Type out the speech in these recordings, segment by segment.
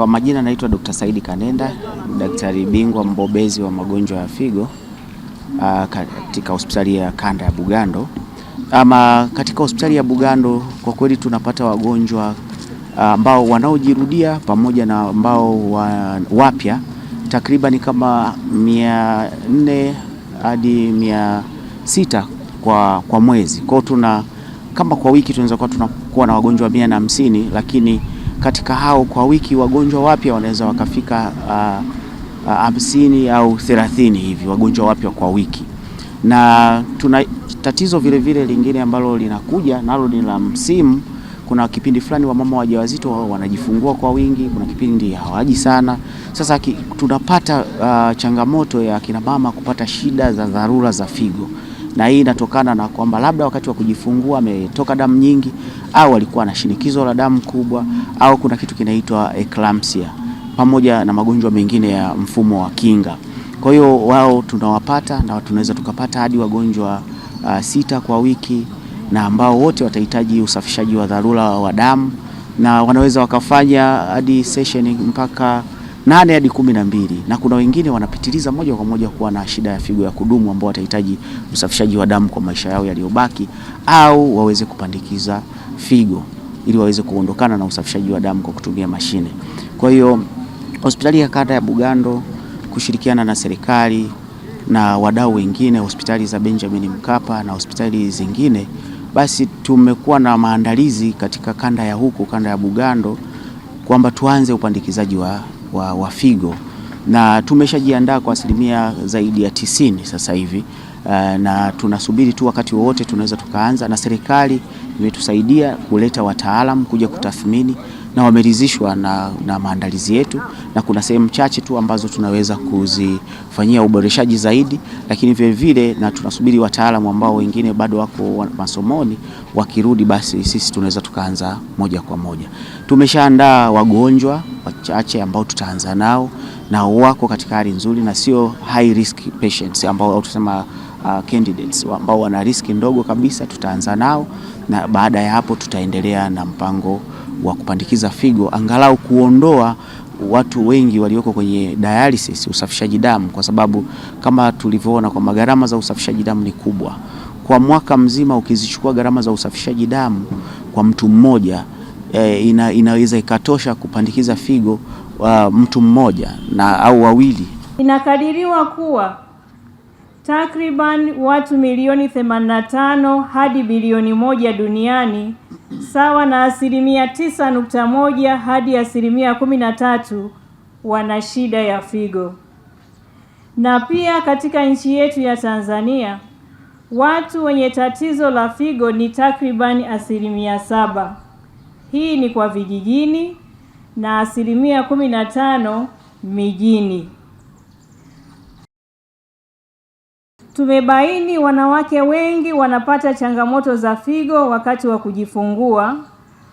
Kwa majina naitwa Dr. Saidi Kanenda, daktari bingwa mbobezi wa magonjwa ya figo uh, katika hospitali ya kanda ya Bugando. Ama katika hospitali ya Bugando kwa kweli tunapata wagonjwa uh, ambao uh, wanaojirudia pamoja na ambao wa, wapya takriban kama mia nne hadi mia sita kwa, kwa mwezi. Kwa hiyo tuna kama kwa wiki tunaweza kuwa tunakuwa na wagonjwa mia na hamsini lakini katika hao kwa wiki wagonjwa wapya wanaweza wakafika ah, ah, hamsini uh, uh, au thelathini hivi wagonjwa wapya kwa wiki, na tuna tatizo vilevile vile lingine ambalo linakuja nalo ni la msimu. Kuna kipindi fulani wa mama wajawazito wao wanajifungua kwa wingi, kuna kipindi hawaji sana. Sasa ki, tunapata uh, changamoto ya kina mama kupata shida za dharura za figo na hii inatokana na kwamba labda wakati wa kujifungua ametoka damu nyingi, au alikuwa na shinikizo la damu kubwa, au kuna kitu kinaitwa eclampsia, pamoja na magonjwa mengine ya mfumo wa kinga. Kwa hiyo wao tunawapata na tunaweza tukapata hadi wagonjwa uh, sita kwa wiki na ambao wote watahitaji usafishaji wa dharura wa damu na wanaweza wakafanya hadi session mpaka nane hadi kumi na mbili na kuna wengine wanapitiliza moja kwa moja kuwa na shida ya figo ya kudumu ambao watahitaji usafishaji wa damu kwa maisha yao yaliyobaki, au waweze kupandikiza figo ili waweze kuondokana na usafishaji wa damu kwa kutumia mashine. Kwa hiyo hospitali ya kata ya Bugando kushirikiana na serikali na wadau wengine, hospitali za Benjamin Mkapa na hospitali zingine, basi tumekuwa na maandalizi katika kanda ya huku, kanda ya Bugando, kwamba tuanze upandikizaji wa wa, wa figo na tumeshajiandaa kwa asilimia zaidi ya tisini sasa hivi uh, na tunasubiri tu wakati wowote tunaweza tukaanza, na serikali imetusaidia kuleta wataalamu kuja kutathmini na wameridhishwa na, na maandalizi yetu, na kuna sehemu chache tu ambazo tunaweza kuzifanyia uboreshaji zaidi, lakini vilevile na tunasubiri wataalamu ambao wengine bado wako masomoni, wakirudi basi sisi tunaweza tukaanza moja kwa moja. Tumeshaandaa wagonjwa wachache ambao tutaanza nao na wako katika hali nzuri na sio high risk patients ambao tusema Uh, candidates ambao wana riski ndogo kabisa tutaanza nao, na baada ya hapo tutaendelea na mpango wa kupandikiza figo angalau kuondoa watu wengi walioko kwenye dialysis, usafishaji damu, kwa sababu kama tulivyoona kwamba gharama za usafishaji damu ni kubwa. Kwa mwaka mzima ukizichukua gharama za usafishaji damu kwa mtu mmoja e, ina, inaweza ikatosha kupandikiza figo uh, mtu mmoja na au wawili. Inakadiriwa kuwa takriban watu milioni 85 hadi bilioni moja duniani sawa na asilimia tisa nukta moja hadi asilimia kumi na tatu wana shida ya figo. Na pia katika nchi yetu ya Tanzania watu wenye tatizo la figo ni takribani asilimia saba. Hii ni kwa vijijini na asilimia kumi na tano mijini. Tumebaini wanawake wengi wanapata changamoto za figo wakati wa kujifungua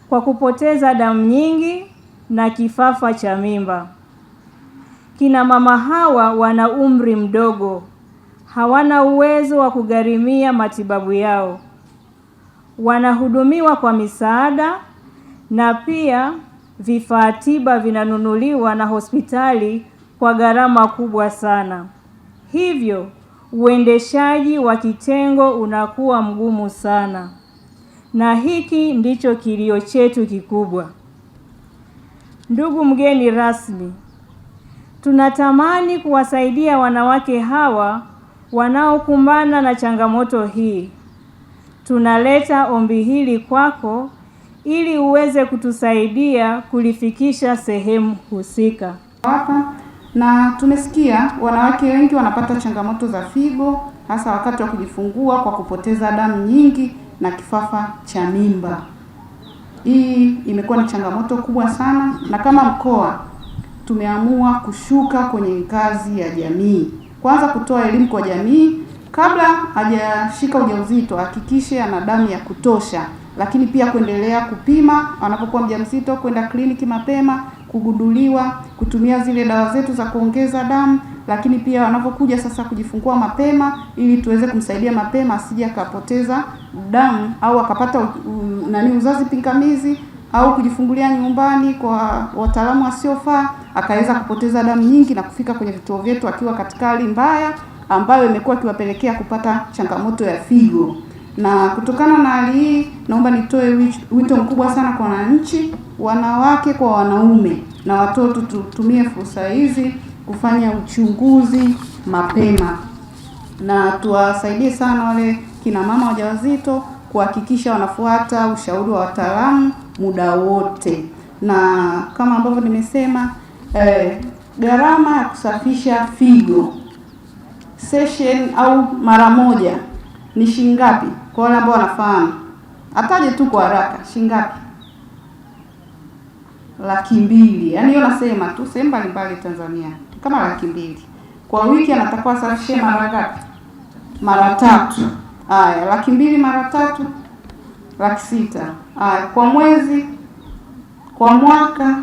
kwa kupoteza damu nyingi na kifafa cha mimba. Kina mama hawa wana umri mdogo, hawana uwezo wa kugharimia matibabu yao. Wanahudumiwa kwa misaada na pia vifaa tiba vinanunuliwa na hospitali kwa gharama kubwa sana. Hivyo uendeshaji wa kitengo unakuwa mgumu sana, na hiki ndicho kilio chetu kikubwa. Ndugu mgeni rasmi, tunatamani kuwasaidia wanawake hawa wanaokumbana na changamoto hii. Tunaleta ombi hili kwako ili uweze kutusaidia kulifikisha sehemu husika hapa na tumesikia wanawake wengi wanapata changamoto za figo hasa wakati wa kujifungua kwa kupoteza damu nyingi na kifafa cha mimba. Hii imekuwa ni changamoto kubwa sana, na kama mkoa tumeamua kushuka kwenye ngazi ya jamii, kwanza kutoa elimu kwa jamii kabla hajashika ujauzito, hakikishe ana damu ya kutosha, lakini pia kuendelea kupima anapokuwa mjamzito, kwenda kliniki mapema kugunduliwa, kutumia zile dawa zetu za kuongeza damu, lakini pia wanapokuja sasa kujifungua mapema, ili tuweze kumsaidia mapema asije akapoteza damu au akapata nani uzazi pingamizi au kujifungulia nyumbani kwa wataalamu wasiofaa akaweza kupoteza damu nyingi na kufika kwenye vituo vyetu akiwa katika hali mbaya ambayo imekuwa ikiwapelekea kupata changamoto ya figo. Na kutokana na hali hii, naomba nitoe wito mkubwa sana kwa wananchi, wanawake kwa wanaume na watoto, tutumie fursa hizi kufanya uchunguzi mapema na tuwasaidie sana wale kina mama wajawazito kuhakikisha wanafuata ushauri wa wataalamu muda wote, na kama ambavyo nimesema eh, gharama ya kusafisha figo session au mara moja ni shilingi ngapi? Kwa wale ambao wanafahamu, ataje tu kwa haraka, shingapi? Laki mbili. Yaani hiyo nasema tu sehemu mbalimbali Tanzania kama laki mbili kwa wiki, anatakuwa asafishe mara ngapi? Mara tatu. Haya, laki mbili mara tatu, laki sita. Haya, kwa mwezi, kwa mwaka,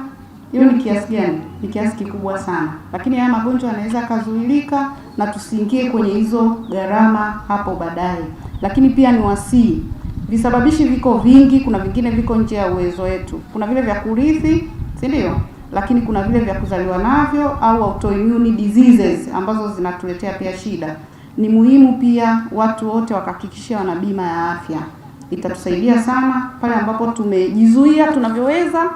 hiyo ni kiasi gani? Ni kiasi kikubwa sana, lakini haya magonjwa yanaweza akazuilika na tusiingie kwenye hizo gharama hapo baadaye lakini pia ni wasii. Visababishi viko vingi, kuna vingine viko nje ya uwezo wetu. Kuna vile vya kurithi, si ndio? Lakini kuna vile vya kuzaliwa navyo au autoimmune diseases ambazo zinatuletea pia shida. Ni muhimu pia watu wote wakahakikishia wana bima ya afya, itatusaidia sana pale ambapo tumejizuia tunavyoweza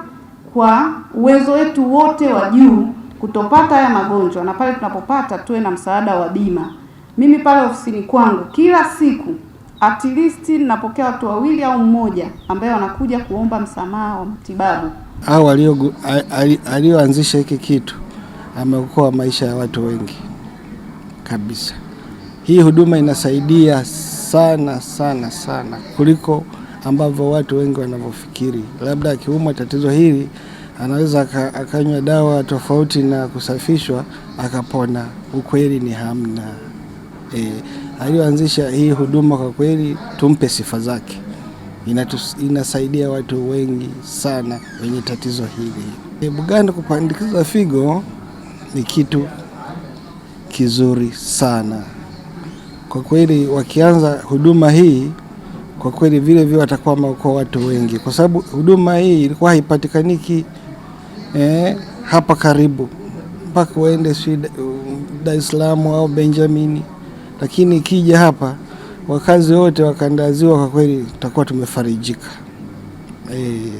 kwa uwezo wetu wote wa juu kutopata haya magonjwa, na pale tunapopata tuwe na msaada wa bima. Mimi pale ofisini kwangu kila siku at least ninapokea watu wawili au mmoja ambaye wanakuja kuomba msamaha wa matibabu. Au aliyoanzisha hiki kitu ameokoa maisha ya watu wengi kabisa. Hii huduma inasaidia sana sana sana kuliko ambavyo watu wengi wanavyofikiri. Labda akiumwa tatizo hili anaweza akanywa dawa tofauti na kusafishwa akapona. Ukweli ni hamna e aliyoanzisha hii huduma kwa kweli tumpe sifa zake. Inatus, inasaidia watu wengi sana wenye tatizo hili. Buganda kupandikiza figo ni kitu kizuri sana kwa kweli. Wakianza huduma hii kwa kweli, vile vile watakuwa maokoa watu wengi, kwa sababu huduma hii ilikuwa haipatikaniki eh, hapa karibu, mpaka uende si Dar es Salaam au Benjamini lakini ikija hapa wakazi wote wakandaziwa kwa kweli tutakuwa tumefarijika e.